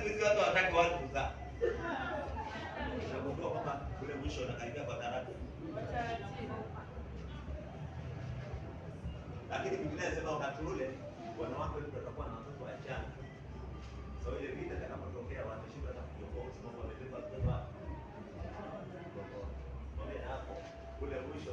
siku hizi watu hawataki watu kuzaa. Unagundua kwamba ule mwisho unakaribia kwa taratibu. Lakini Biblia inasema wakati ule wanawake wengi watakuwa na watoto wachanga. Sasa ile vita itakapotokea watashinda hata kujiokoa kwa sababu wamebeba kubeba. hapo ule mwisho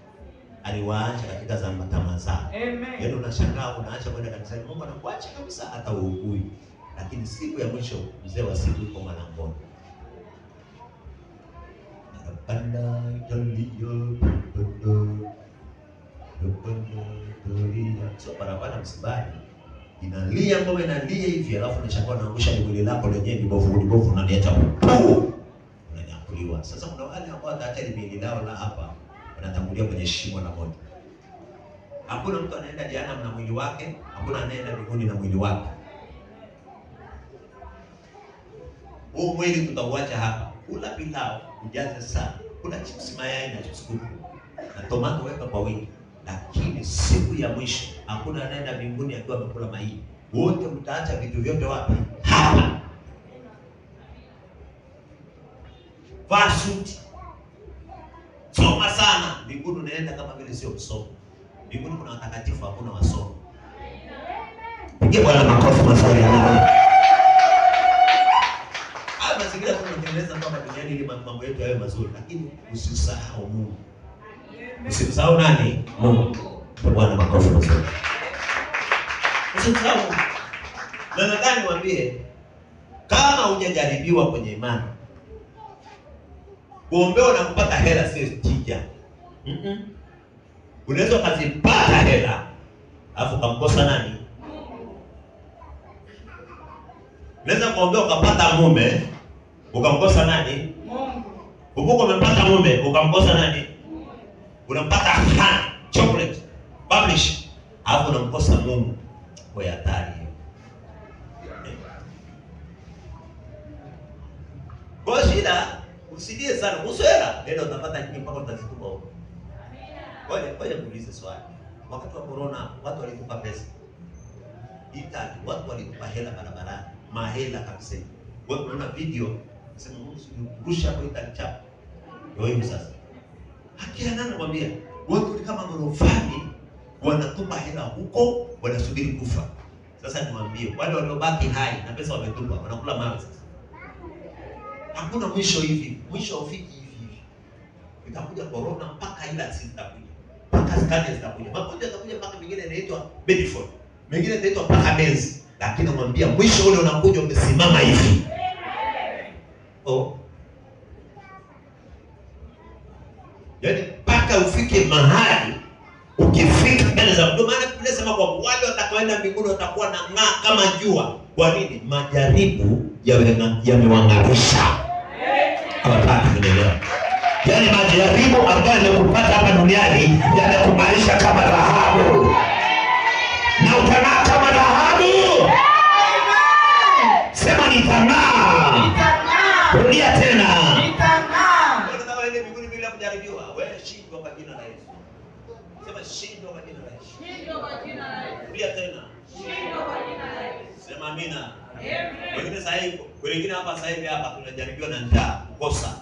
aliwaacha katika zama tamaa zao. Amen. Yaani unashangaa unaacha kwenda kanisani, Mungu anakuacha kabisa hata uugui. Lakini siku ya mwisho mzee wa siku yuko mlangoni. Anapanda jalio pondo. Pondo doria. So barabara msibani. Inalia ngome inalia hivi alafu unashangaa naangusha mwili lako lenyewe ni bovu bovu unaleta upuu. Unanyakuliwa. Sasa kuna wale ambao hata miili lao la hapa anatangulia kwenye shimo la moto. Hakuna mtu anaenda jehanamu na mwili wake, hakuna anaenda mbinguni na mwili wake. Huu mwili tutauacha hapa. Kula pilau ujaze sana, kula chips mayai na chips kuku na tomato, weka kwa wingi, lakini siku ya mwisho hakuna anaenda mbinguni akiwa amekula maini. Wote mtaacha vitu vyote wapi? Hapa. Vaa suti sana mbinguni, unaenda kama vile sio msomo. Mbinguni kuna watakatifu, hakuna wasomo. Pige Bwana makofi mazuri. Haya mazingira kwamba duniani ili mambo yetu yawe mazuri, lakini usisahau Mungu, nani? Mungu. Bwana makofi mazuri. Na niwaambie, kama hujajaribiwa kwenye imani Kuombewa na kupata hela sio tija. Mm -mm. Unaweza ukazipata hela alafu ukamkosa nani? Unaweza kuombea ukapata mume ukamkosa nani? Mungu. Umepata mume ukamkosa nani? Unapata ha chocolate publish alafu unamkosa Mungu. Kwa hatari hiyo. Eh. Kwa shida Usidie sana kuhusu hela. Hela utapata nyingi mpaka utashtuka huko. Amina. Ngoja kuulize swali. Wakati wa corona watu walikupa pesa. Ita watu walikupa hela barabarani. Mahela kabisa. Wewe unaona video sema rusha kwa ita chapa. Ndio hivi sasa. Haki ya nani mwambia? Watu ni kama gorofani wanatupa hela huko wanasubiri kufa. Sasa niwaambie wale waliobaki hai na pesa wametupa wanakula mawe sasa hakuna mwisho hivi, mwisho ufiki hivi hivi. Itakuja corona mpaka ila zitakuja mpaka skania zitakuja, magonjwa yatakuja mpaka mingine inaitwa Bedford, mingine inaitwa mpaka Benz lakini namwambia mwisho ule unakuja umesimama hivi oh. Yaani mpaka ufike mahali ukifika mbele za Mungu, maana Biblia inasema kwa wale watakaoenda mbinguni watakuwa na ng'aa kama jua. Kwa nini? Majaribu yamewang'arisha ya hawataki kunielewa. Yaani majaribu ambayo yamekupata hapa duniani yanakumaanisha kama dhahabu na utang'aa kama dhahabu. Sema nitang'aa, rudia tena Sema amina. Wengine sasa hivi, wengine hapa sasa hivi hapa tunajaribiwa na njaa. kukosa